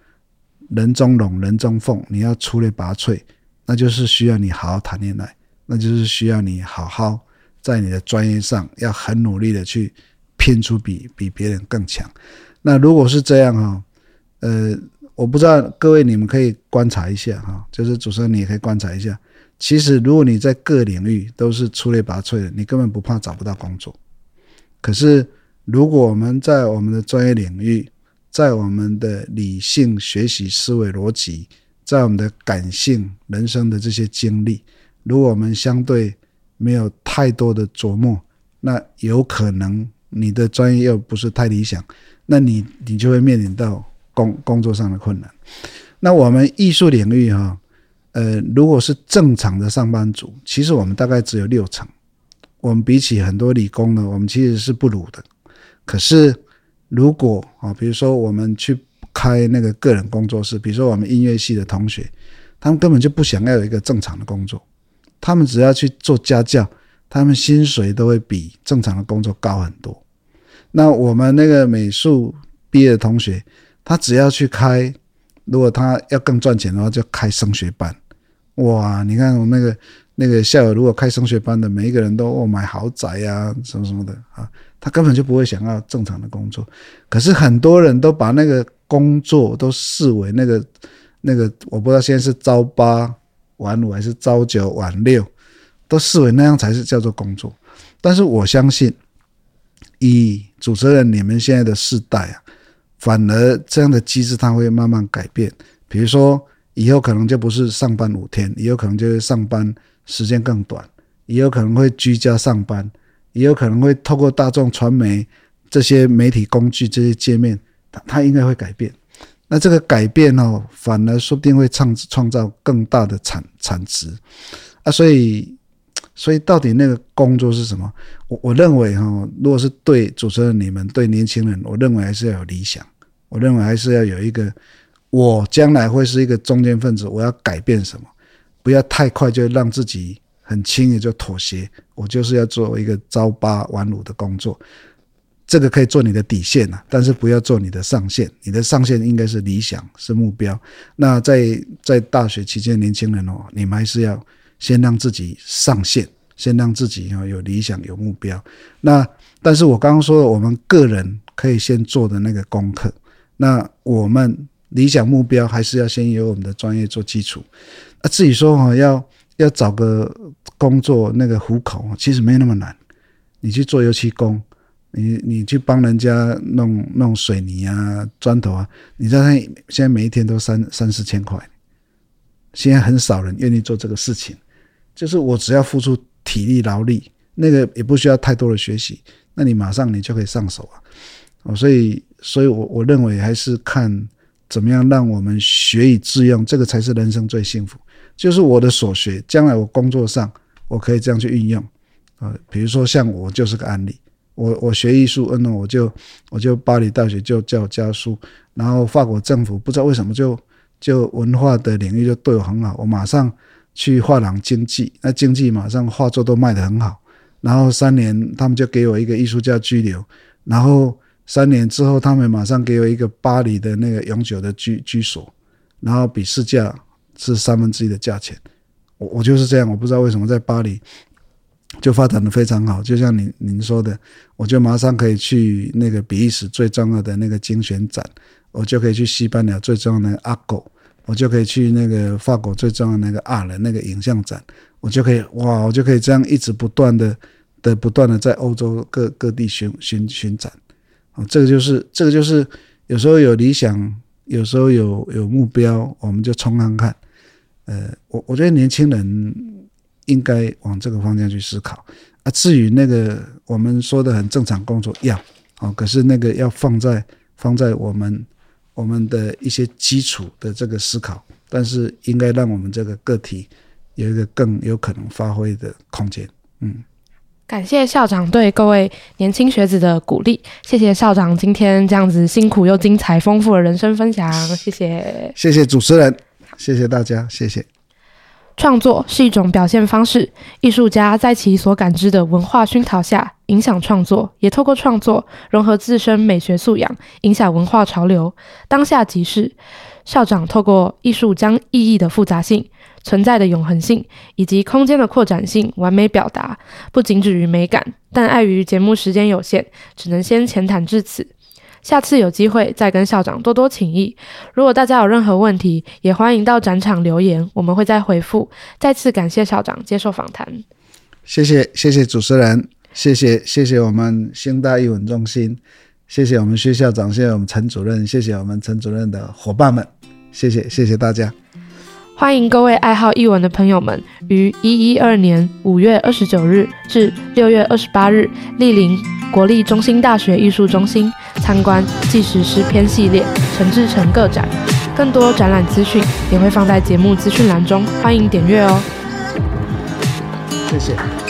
B: 人中龍、人中鳳，你要出類拔萃，那就是需要你好好談戀愛，那就是需要你好好在你的專業上要很努力的去拼出比比別人更強。那如果是這樣啊、哦，呃。我不知道各位你們可以觀察一下哈，就是主持人你也可以觀察一下。其實如果你在各領域都是出類拔萃的，你根本不怕找不到工作。可是如果我們在我們的專業領域，在我們的理性學習思維邏輯，在我們的感性人生的這些經歷，如果我們相對沒有太多的琢磨，那有可能你的專業又不是太理想，那你你就會面臨到，工工作上的困難，那我們藝術領域哈、哦，呃，如果是正常的上班族，其實我們大概只有六成。我們比起很多理工的，我們其實是不如的。可是如果啊、哦，比如說我們去開那個個人工作室，比如說我們音樂系的同學，他們根本就不想要有一個正常的工作，他們只要去做家教，他們薪水都會比正常的工作高很多。那我們那個美術畢業的同學。他只要去開，如果他要更賺錢的話，就開升學班。哇，你看我那個那個校友，如果開升學班的，每一個人都哦買豪宅呀，啊，什麼什麼的啊，他根本就不會想要正常的工作。可是很多人都把那個工作都視為那個那個，我不知道現在是朝八晚五還是朝九晚六，都視為那樣才是叫做工作。但是我相信，以主持人你們現在的世代啊。反而這樣的機制，它會慢慢改變。比如說，以後可能就不是上班五天，也有可能就是上班時間更短，也有可能會居家上班，也有可能會透過大眾傳媒這些媒體工具這些界面，它它應該會改變。那這個改變哦，反而說不定會創創造更大的產產值啊，所以。所以，到底那個工作是什麼？我我認為哈，如果是對主持人你們，對年輕人，我認為還是要有理想。我認為還是要有一個，我將來會是一個中堅分子，我要改變什麼？不要太快就讓自己很輕易就妥協。我就是要做一個朝八晚五的工作，這個可以做你的底線啊，但是不要做你的上限。你的上限應該是理想，是目標。那在在大學期間，年輕人哦，你們還是要。先讓自己上線，先讓自己有理想、有目標。那但是我剛剛說的，我們個人可以先做的那個功課。那我們理想目標還是要先由我們的專業做基礎。那自己說哈、哦、要要找個工作那個糊口，其實沒那麼難。你去做油漆工，你你去幫人家弄弄水泥啊、磚頭啊，你知道現在每一天都三三四千塊，現在很少人願意做這個事情。就是我只要付出體力勞力，那個也不需要太多的學習，那你馬上你就可以上手啊。哦，所以，所以我，我我認為還是看怎麼樣讓我們學以致用，這個才是人生最幸福。就是我的所學，將來我工作上我可以這樣去運用啊、呃。比如說像我就是個案例，我我學藝術，嗯，那我就我就巴黎大學就教家書，然後法國政府不知道為什麼就就文化的領域就對我很好，我馬上。去畫廊經紀，那經紀馬上畫作都賣得很好，然後三年他們就給我一個藝術家居留，然後三年之後他們馬上給我一個巴黎的那個永久的居居所，然後比市價是三分之一的價錢，我我就是這樣，我不知道為什麼在巴黎就發展得非常好，就像您您說的，我就馬上可以去那個比利時最重要的那個精選展，我就可以去西班牙最重要的那個阿狗。我就可以去那個法國最重要的那個阿爾那個影像展，我就可以哇，我就可以這樣一直不斷的的不斷的在歐洲各各地巡巡巡展，啊、哦，這個就是這個就是有時候有理想，有時候有有目標，我們就衝看看。呃，我我覺得年輕人應該往這個方向去思考啊。至於那個我們說的很正常工作要啊、哦，可是那個要放在放在我們。我們的一些基礎的這個思考，但是應該讓我們這個個體有一個更有可能發揮的空間。嗯，
A: 感謝校長對各位年輕學子的鼓勵，謝謝校長今天這樣子辛苦又精彩、豐富的人生分享，謝謝。
B: 謝謝主持人，謝謝大家，謝謝。
A: 創作是一種表現方式，藝術家在其所感知的文化熏陶下影響創作，也透過創作融合自身美學素養，影響文化潮流。當下即是，校長透過藝術將意義的複雜性、存在的永恆性以及空間的擴展性完美表達，不僅止於美感，但礙於節目時間有限，只能先淺談至此。下次有機會再跟校長多多請益。如果大家有任何問題，也歡迎到展場留言，我們會再回復。再次感謝校長接受訪談，
B: 謝謝謝謝主持人，謝謝謝謝我們興大藝文中心，謝謝我們薛校長，謝謝我們陳主任，謝謝我們陳主任的夥伴們，謝謝謝謝大家。
A: 歡迎各位愛好藝文的朋友們，於一一二年五月二十九日至六月二十八日蒞臨國立中興大學藝術中心參觀《紀實詩篇》系列陳志誠個展。更多展覽資訊也會放在節目資訊欄中，歡迎點閱哦。
B: 謝謝。